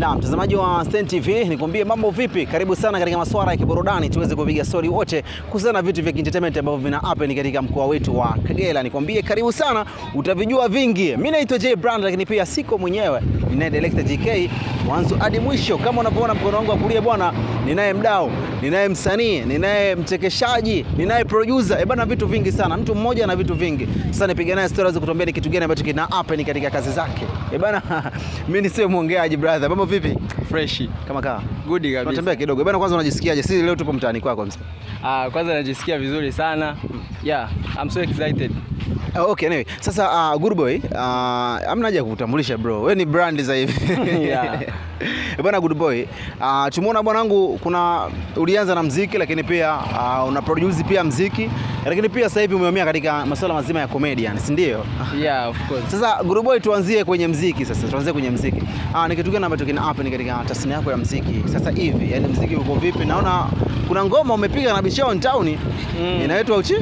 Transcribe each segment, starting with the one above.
Na mtazamaji wa Stein TV, nikwambie mambo vipi? Karibu sana katika masuala ya kiburudani, tuweze kupiga stori wote kuhusiana na vitu vya entertainment ambavyo vina happen katika mkoa wetu wa Kagera. Nikwambie karibu sana, utavijua vingi. Mimi naitwa J Brand, lakini pia siko mwenyewe, ninaye director JK mwanzo hadi mwisho. Kama unavyoona mkono wangu wa kulia bwana, ninaye mdau, ninaye msanii, ninaye mchekeshaji, ninaye producer. Eh bana, vitu vingi sana, mtu mmoja na vitu vingi. Sasa nipige naye story stories, kutuambia ni kitu gani ambacho kina happen katika kazi zake. Eh bana, mimi ni sio mwongeaji brother. Mambo vipi? Fresh. Kama kawa. Good kabisa. Tunatembea kidogo. Bana kwanza unajisikiaje? Sisi leo tupo mtaani kwako msa. Ah, kwanza najisikia vizuri sana. Yeah, I'm so excited. Oh, okay, anyway. Sasa uh, Good Boy, uh, amna haja kukutambulisha bro. Wewe ni brand za hivi. Yeah. Bwana Good Boy, uh, tumeona bwanangu kuna ulianza na mziki lakini pia uh, una produce pia mziki lakini pia sasa hivi umehamia katika masuala mazima ya comedian, si ndio? Yeah, of course. Sasa Good Boy, tuanzie kwenye mziki sasa. Tuanzie kwenye mziki. Ah, uh, ni kitu gani ambacho kina happen katika tasnia yako ya mziki? Sasa hivi, yani mziki uko vipi? Naona kuna ngoma umepiga na Bichon Town mm. Inaitwa uchi?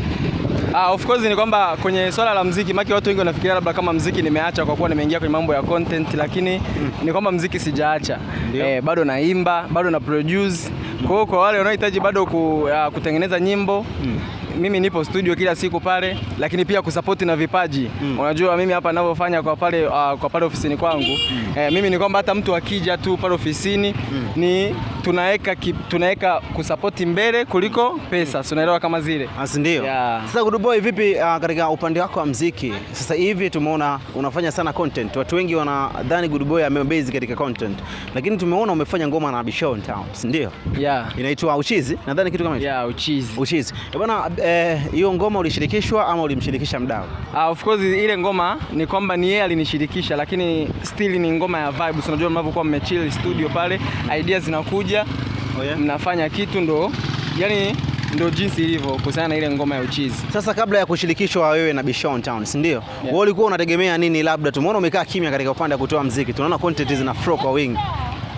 Ah, of course ni kwamba kwenye swala la mziki maki watu wengi wanafikiria labda kama mziki nimeacha kwa kuwa nimeingia kwenye mambo ya content, lakini mm. ni kwamba mziki sijaacha eh, bado naimba, bado na produce. Kwa hiyo kwa wale wanaohitaji bado ku, uh, kutengeneza nyimbo mm. Mimi nipo studio kila siku pale, lakini pia kusapoti na vipaji mm. Unajua mimi hapa ninavyofanya kwa pale uh, kwa pale ofisini kwangu mm. eh, mimi ni kwamba hata mtu akija tu pale ofisini mm. ni tunaweka tunaweka kusapoti mbele kuliko pesa, tunaelewa kama zile basi ah, ndio. Yeah. Sasa Good Boy, vipi uh, katika upande wako wa mziki sasa hivi tumeona unafanya sana content, watu wengi wanadhani Good Boy amebase katika content, lakini tumeona umefanya ngoma na Abishow Town, si ndio? Yeah. Inaitwa Uchizi nadhani kitu kama hicho. Yeah, Uchizi. Uchizi. Eh, bwana, eh, hiyo eh, ngoma ulishirikishwa ama ulimshirikisha mdau? Uh, of course ile ngoma ni kwamba ni yeye alinishirikisha, lakini still ni ngoma ya vibes. Unajua mnavyokuwa mmechill studio pale, ideas zinakuja pamoja oh yeah. mnafanya kitu ndo yani ndo jinsi ilivyo kuhusiana na ile ngoma ya uchizi. Sasa kabla ya kushirikishwa wewe na Bishon Town, si ndio? Yeah. Wewe ulikuwa unategemea nini? Labda tumeona umekaa kimya katika upande wa kutoa mziki, tunaona content zina flow kwa wingi.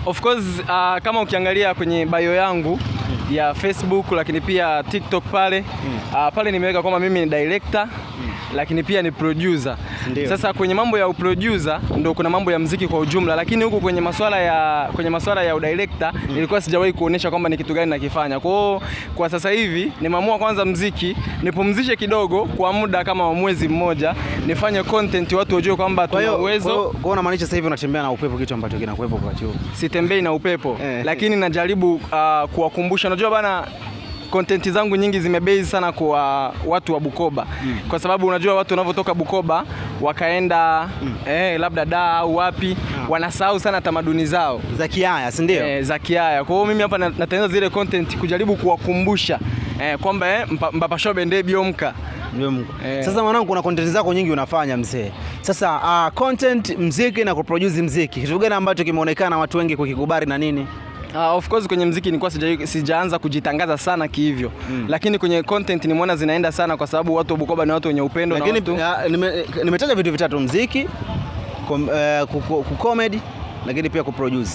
Of course, uh, kama ukiangalia kwenye bio yangu mm. ya Facebook lakini pia TikTok pale mm. uh, pale nimeweka kwamba mimi ni director mm lakini pia ni producer. Ndiyo. Sasa kwenye mambo ya producer ndio kuna mambo ya mziki kwa ujumla, lakini huku kwenye masuala ya kwenye masuala ya udirector mm. nilikuwa sijawahi kuonesha kwamba ni kitu gani nakifanya. Kwa hiyo kwa sasa hivi nimeamua kwanza mziki nipumzishe kidogo kwa muda kama wa mwezi mmoja, nifanye content watu wajue kwamba tuna uwezo. Kwa hiyo unamaanisha sasa hivi unatembea na upepo, kitu ambacho kinakuwepo kwa chuo? Sitembei na upepo eh, lakini eh. najaribu uh, kuwakumbusha, unajua bana content zangu nyingi zimebase sana kwa watu wa Bukoba mm. kwa sababu unajua watu wanavyotoka Bukoba wakaenda mm. eh, labda da au wapi ah. wanasahau sana tamaduni zao za Kiaya, si ndio? Eh, za Kiaya. Kwa hiyo mimi hapa natengeneza zile content kujaribu kuwakumbusha eh, kwamba eh, mbapashobe mba nde biomka Eh. Sasa mwanangu, kuna content zako nyingi unafanya mzee. Sasa uh, content mziki na kuproduce mziki, kitu gani ambacho kimeonekana watu wengi kukikubali na nini? Uh, of course kwenye mziki nilikuwa sija, sijaanza kujitangaza sana kihivyo mm. Lakini kwenye content nimeona zinaenda sana kwa sababu watu wa Bukoba ni watu wenye upendo lakini, na watu... ya, ah, nime vitu vitatu mziki kom, uh, eh, kukomedi lakini pia kuproduce.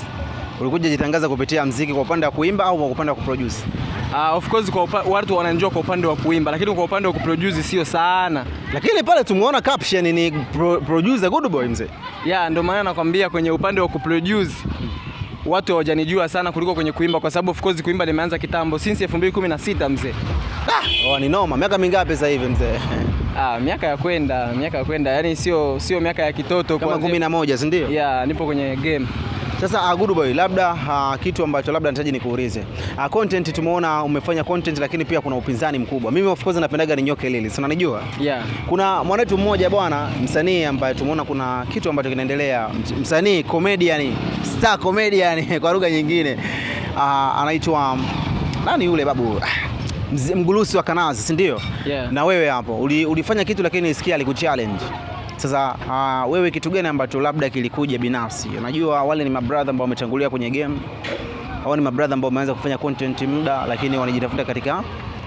Ulikuja jitangaza kupitia mziki kwa upande wa kuimba au kwa upande wa kuproduce? Uh, of course kwa upa, watu wananjua kwa upande wa kuimba lakini kwa upande wa kuproduce sio sana, lakini pale tumuona caption ni pro, producer good boy mzee. Yeah, ndio maana nakwambia kwenye upande wa kuproduce mm watu hawajanijua sana kuliko kwenye kuimba, kwa sababu of course kuimba nimeanza kitambo since 2016 mzee. Ah, oh, ni noma. Miaka mingapi sasa hivi mzee? Ah, miaka ya kwenda, miaka ya kwenda. Yaani sio sio miaka ya kitoto kama 11, si ndio? Yeah, nipo kwenye game. Sasa ah, boy, labda uh, kitu ambacho labda nitaji nikuulize uh, content tumeona umefanya content, lakini pia kuna upinzani mkubwa. Mimi of course napendaga nyoke lili, si unanijua? Yeah. Kuna mwanetu mmoja bwana msanii ambaye tumeona kuna kitu ambacho kinaendelea, msanii comedian, star comedian kwa lugha nyingine uh, anaitwa nani yule babu Mgulusi wa Kanazi, si ndio? Yeah. Na wewe hapo uli, ulifanya kitu lakini sikia alikuchallenge sasa uh, wewe kitu gani ambacho labda kilikuja binafsi? Unajua wale ni mabradha ambao wametangulia kwenye game, hao ni mabradha ambao wameanza kufanya content muda, lakini wanajitafuta katika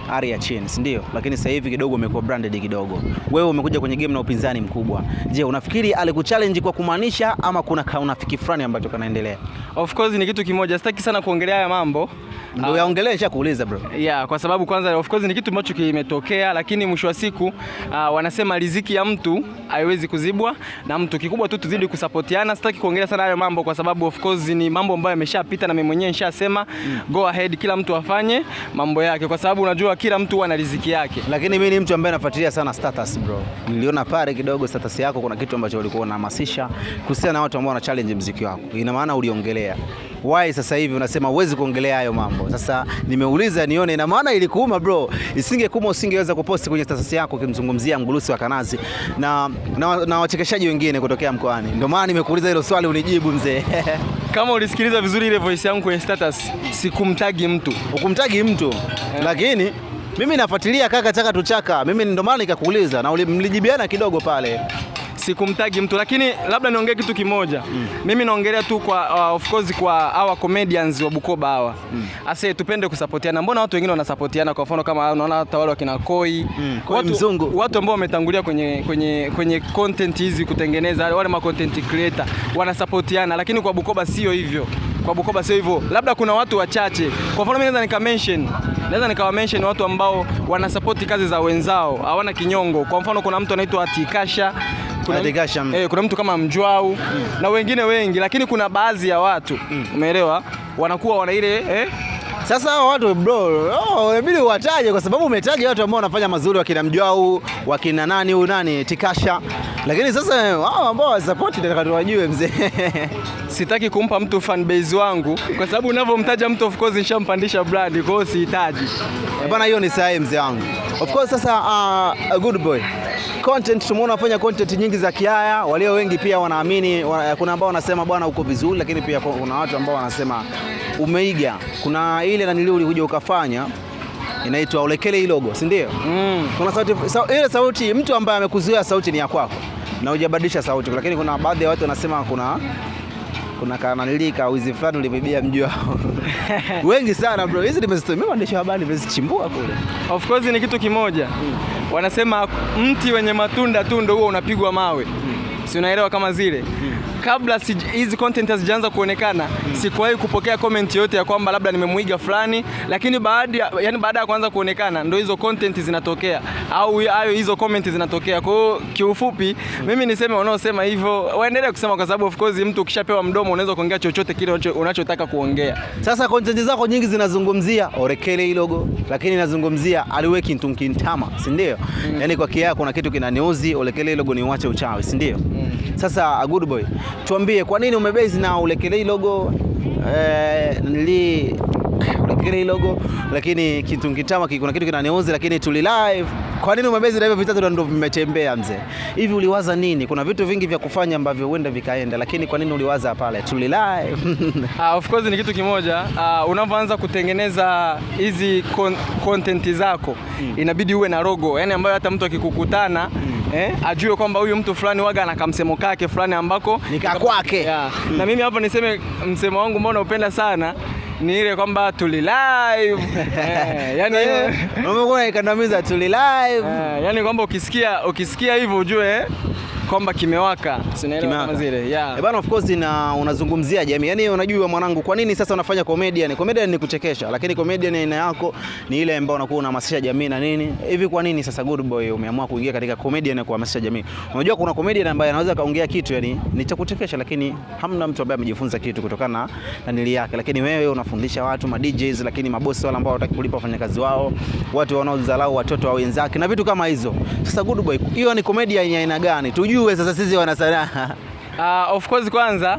ari ya chini, si ndio? Lakini sasa hivi kidogo umekuwa branded kidogo. Wewe umekuja kwenye game na upinzani mkubwa. Je, unafikiri alikuchallenge kwa kumaanisha ama kuna kaunafiki fulani ambacho kanaendelea? Of course ni kitu kimoja, sitaki sana kuongelea haya mambo. Ndio yaongelee, kuuliza bro. Yeah, kwa sababu kwanza of course ni kitu ambacho kimetokea, lakini mwisho wa siku uh, wanasema riziki ya mtu haiwezi kuzibwa na mtu. Kikubwa tu tuzidi kusupportiana. sitaki kuongelea sana hayo mambo kwa sababu of course ni mambo ambayo yameshapita na mimi mwenyewe nishasema, mm. Go ahead, kila mtu afanye mambo yake kwa sababu unajua kila mtu ana riziki yake, lakini mimi ni mtu ambaye nafuatilia sana status bro. Niliona pale kidogo status yako, kuna kitu ambacho ulikuwa unahamasisha kuhusiana na watu ambao wana challenge mziki wako, ina maana uliongelea why sasa hivi unasema uwezi kuongelea hayo mambo. Sasa nimeuliza nione, ina maana ilikuuma bro. Isingekuuma usingeweza kuposti kwenye status yako ukimzungumzia Mgulusi wa Kanazi na, na, na wachekeshaji wengine kutokea mkoani. Ndio maana nimekuuliza hilo swali unijibu mzee. Kama ulisikiliza vizuri ile voice yangu kwenye status, sikumtagi mtu. Ukumtagi mtu yeah. Lakini mimi nafuatilia kaka chaka tuchaka, mimi ndio maana nikakuuliza na mlijibiana kidogo pale. Sikumtagi mtu lakini labda niongee kitu kimoja mm. Mimi naongelea tu kwa uh, of course kwa hawa comedians wa Bukoba hawa mm. Ase tupende kusapotiana, mbona watu wengine wanasapotiana? Kwa mfano kama unaona hata wale wakina Koi mm. watu, mzungu watu ambao wametangulia kwenye, kwenye, kwenye content hizi kutengeneza wale ma content creator wanasapotiana, lakini kwa Bukoba sio hivyo. Kwa Bukoba sio hivyo, labda kuna watu wachache. Kwa mfano mimi naweza nika mention naweza nikawa mention watu ambao wanasapoti kazi za wenzao, hawana kinyongo. Kwa mfano kuna mtu anaitwa Atikasha kuna, mm. eh, kuna mtu kama Mjwau mm. na wengine wengi, lakini kuna baadhi ya watu mm. umeelewa, wanakuwa wana ile eh? Sasa hao watu bro, oh, inabidi uwataje kwa sababu umetaja watu ambao wanafanya mazuri, wakina Mjwau, wakina nani huyu nani Tikasha lakini sasa wao ambao wasapoti nataka tuwajue mzee. Sitaki kumpa mtu fan base wangu kwa sababu unavyomtaja mtu of course nishampandisha brand, kwa hiyo sihitaji eh, bana, hiyo ni sahihi mzee wangu. Of course sasa, uh, good boy content tumeona fanya content nyingi za kiaya. Walio wengi pia wanaamini, kuna ambao wanasema bwana uko vizuri, lakini pia kuna watu ambao wanasema umeiga. Kuna ile nilio ulikuja ukafanya inaitwa ulekele hii logo, si ndio? Mm. Kuna sauti, ile sauti mtu ambaye amekuzuia sauti ni ya kwako na hujabadilisha sauti, lakini kuna baadhi ya watu wanasema kuna kuna kananilika wizi fulani ulibibia mji wao wengi sana bro. Hizi nimezitumia waandishi wa habari, nimezichimbua kule. Of course ni kitu kimoja hmm. Wanasema mti wenye matunda tu ndio huo unapigwa mawe hmm si unaelewa kama zile hmm. Kabla hizi content hazijaanza kuonekana hmm. Sikuwahi kupokea comment yote ya kwamba labda nimemwiga fulani, lakini baada yani baada ya kuanza kuonekana ndio hizo content zinatokea au hayo hizo comment zinatokea. Kwa hiyo kiufupi, hmm. mimi niseme wanaosema hivyo waendelee kusema, kwa sababu of course mtu ukishapewa mdomo unaweza kuongea chochote kile unachotaka kuongea. Sasa content zako nyingi zinazungumzia orekele ilogo, lakini nazungumzia aliweki kintu kintama, si ndio? mm. Yani kwa kiaa kuna kitu kinaniuzi orekele ilogo, niuache uchawi, si ndio? mm. Sasa good boy, tuambie kwa nini umebase na ulekelei logo eh, ulekelei logo, lakini kitu kitama, kuna kitu kinaniuzi lakini tuli live kwa nini umebezi na hivyo vitatu ndio vimetembea mzee? Hivi uliwaza nini? Kuna vitu vingi vya kufanya ambavyo huenda vikaenda, lakini kwa nini uliwaza pale live? Ah, of course ni kitu kimoja. Uh, ah, unapoanza kutengeneza hizi kon content zako mm. inabidi uwe na logo, yani ambayo hata mtu akikukutana mm eh, ajue kwamba huyu mtu fulani waga na kamsemo kake fulani ambako kwake yeah. mm. na mimi hapo niseme msemo wangu mbona upenda sana ni ile kwamba tuli live eh, yani eh. umekuwa ikandamiza tuli live eh, yani kwamba ukisikia ukisikia hivyo ujue eh, kwamba kimewaka. Sinaelewa kama zile. Yeah. E bana of course ina unazungumzia jamii. yani, unajua mwanangu kwa nini sasa unafanya comedian? Comedian ni kuchekesha, lakini comedian aina yako ni ile ambayo unakuwa unahamasisha jamii na nini? Hivi kwa nini sasa Good Boy umeamua kuingia katika comedian na kuhamasisha jamii? Unajua kuna comedian ambaye anaweza kaongea kitu yani ni cha kuchekesha lakini hamna mtu ambaye amejifunza kitu kutokana na nili yake. Lakini wewe unafundisha watu ma DJs lakini mabosi wale ambao hawataki kulipa wafanyakazi wao, watu wanaodharau watoto wa wenzake na vitu kama hizo. Sasa Good Boy hiyo ni comedian ya aina gani? Tujue tujue sasa sisi wanasanaa. Uh, ah, of course kwanza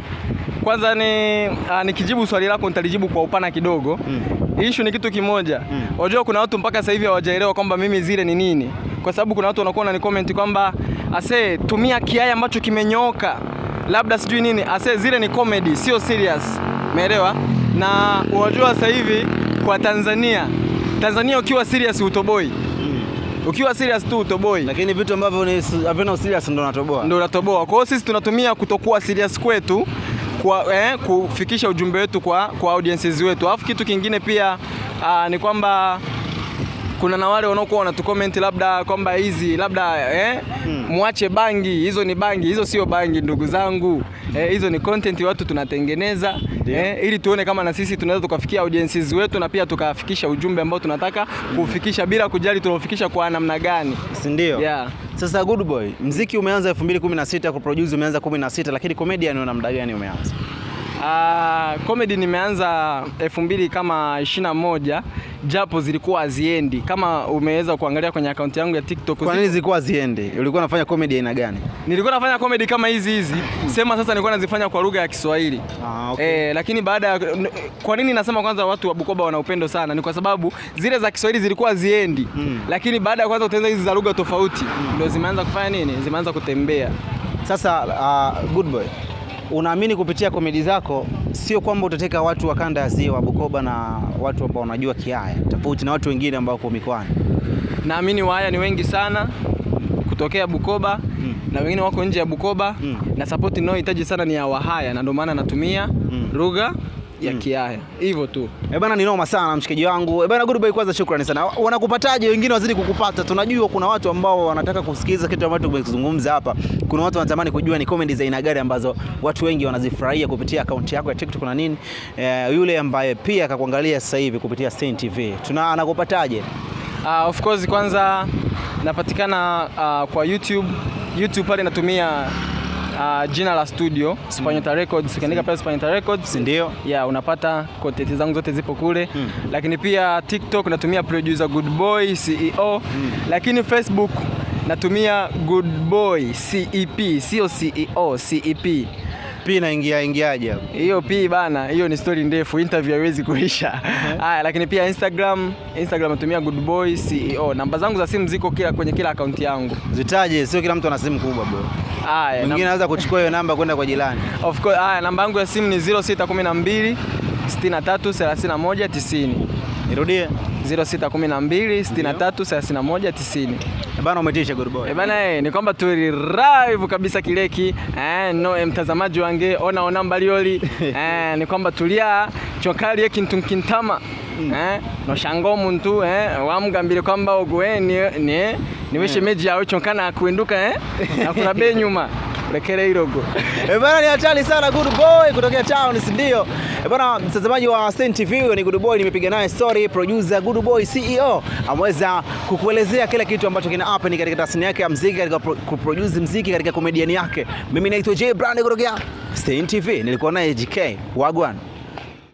kwanza ni uh, nikijibu swali lako nitalijibu kwa upana kidogo mm. Issue ni kitu kimoja mm. Unajua kuna watu mpaka sasa hivi hawajaelewa kwamba mimi zile ni nini, kwa sababu kuna watu wanakuwa comment kwamba ase tumia kiaya ambacho kimenyooka labda sijui nini. Ase zile ni comedy, sio serious, umeelewa? Na unajua sasa hivi kwa Tanzania, Tanzania ukiwa serious utoboi ukiwa serious tu utoboi, lakini vitu ambavyo ni havina serious ndo natoboa, ndo unatoboa. Kwa hiyo sisi tunatumia kutokuwa serious kwetu kwa, eh, kufikisha ujumbe wetu kwa, kwa audiences wetu, alafu kitu kingine pia aa, ah, ni kwamba kuna na wale wanaokuwa wanatucomment labda kwamba hizi labda eh, mm. muache bangi hizo, ni bangi hizo, sio bangi ndugu zangu eh, hizo ni content watu tunatengeneza eh, ili tuone kama na sisi tunaweza tukafikia audiences wetu na pia tukafikisha ujumbe ambao tunataka kufikisha bila kujali tunaofikisha kwa namna gani, si ndio? Yeah. Sasa Good Boy, mziki umeanza 2016 kuproduce umeanza 16, lakini comedian una muda gani umeanza? Uh, comedy nimeanza 2000 kama 21 na japo zilikuwa haziendi. Kama umeweza kuangalia kwenye akaunti yangu ya TikTok, kwa nini zilikuwa haziendi? Ulikuwa unafanya comedy aina gani? Nilikuwa nafanya comedy kama hizi hizi, sema sasa nilikuwa nazifanya kwa lugha ya Kiswahili. Ah, okay. E, lakini baada ya kwa nini nasema kwanza watu wa Bukoba wana upendo sana ni kwa sababu zile za Kiswahili zilikuwa haziendi hmm. Lakini baada ya kwanza kutengeneza hizi za lugha tofauti ndio zimeanza kufanya nini, zimeanza kutembea sasa. Uh, good boy unaamini kupitia komedi zako, sio kwamba utateka watu wa kanda ya ziwa Bukoba na watu ambao wanajua kiaya tofauti na watu wengine ambao wako mikoani. Naamini Wahaya ni wengi sana kutokea Bukoba mm. na wengine wako nje ya Bukoba mm. na sapoti inayohitaji sana ni ya Wahaya na ndio maana natumia mm. lugha ya mm. Kiaya hivyo tu e bana, ni noma sana mshikaji wangu e bana, Goodbye, Kwanza shukrani sana. Wanakupataje? Wengine wazidi kukupata. Tunajua kuna watu ambao wanataka kusikiliza kitu ambacho tumezungumza hapa. Kuna watu wanatamani kujua ni comedy za aina gani ambazo watu wengi wanazifurahia kupitia akaunti yako ya TikTok na nini. E, yule ambaye pia akakuangalia sasa hivi kupitia Stein TV, tuna anakupataje? Uh, of course kwanza napatikana uh, kwa YouTube. YouTube pale natumia uh, jina la studio Spanyota Records. Ukiandika pale Spanyota Records ndio yeah, unapata content zangu zote zipo kule mm. Lakini pia TikTok natumia producer Good Boy CEO mm. Lakini Facebook natumia Good Boy CEP, sio CEO, CEP inaingia ingiaje hiyo pi bana, hiyo ni story ndefu, interview haiwezi kuisha. Haya, mm -hmm. lakini pia Instagram, Instagram natumia good boy CEO. Namba zangu za simu ziko kila kwenye kila akaunti yangu, zitaje, sio kila mtu ana simu kubwa bro. Aya, Mwingine anaweza kuchukua hiyo namba kwenda kwa jirani. Of course, haya namba yangu ya simu ni 0612 63 31 90. Nirudie. 0612 eh, Bana, umetisha good boy. Eh, bana eh, ni kwamba tu live kabisa kileki eh, no eh, mtazamaji wange ona ona mbalioli eh, ni kwamba tulia chokali yekintunkintama mm. eh noshango muntu eh wamugambire kwamba ogwe ni ni niwe shemeji yawe chonkana akuinduka eh akuna be nyuma rekere irogo bana ni hatari sana good boy kutokea town si ndio bana mtazamaji wa Stein TV ni Good Boy, nimepiga naye story. Producer Good Boy CEO ameweza kukuelezea kila kitu ambacho kina happen katika tasnia yake ya muziki, katika kuproduce muziki, katika comedian yake. Mimi naitwa J Brand kutokea Stein TV, nilikuwa naye JK Wagwan.